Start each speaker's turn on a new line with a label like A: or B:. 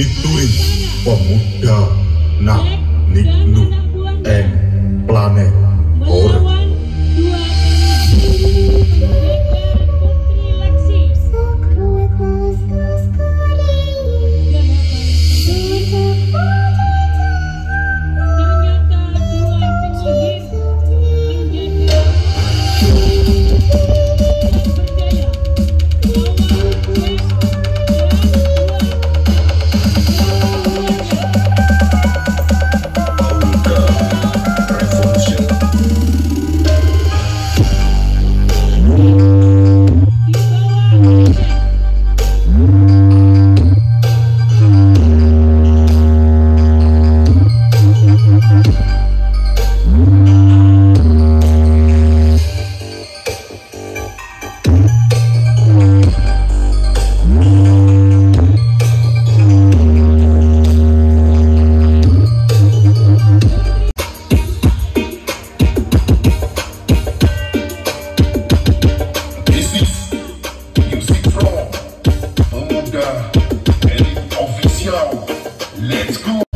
A: fituri pamuda na nitnu Let's go.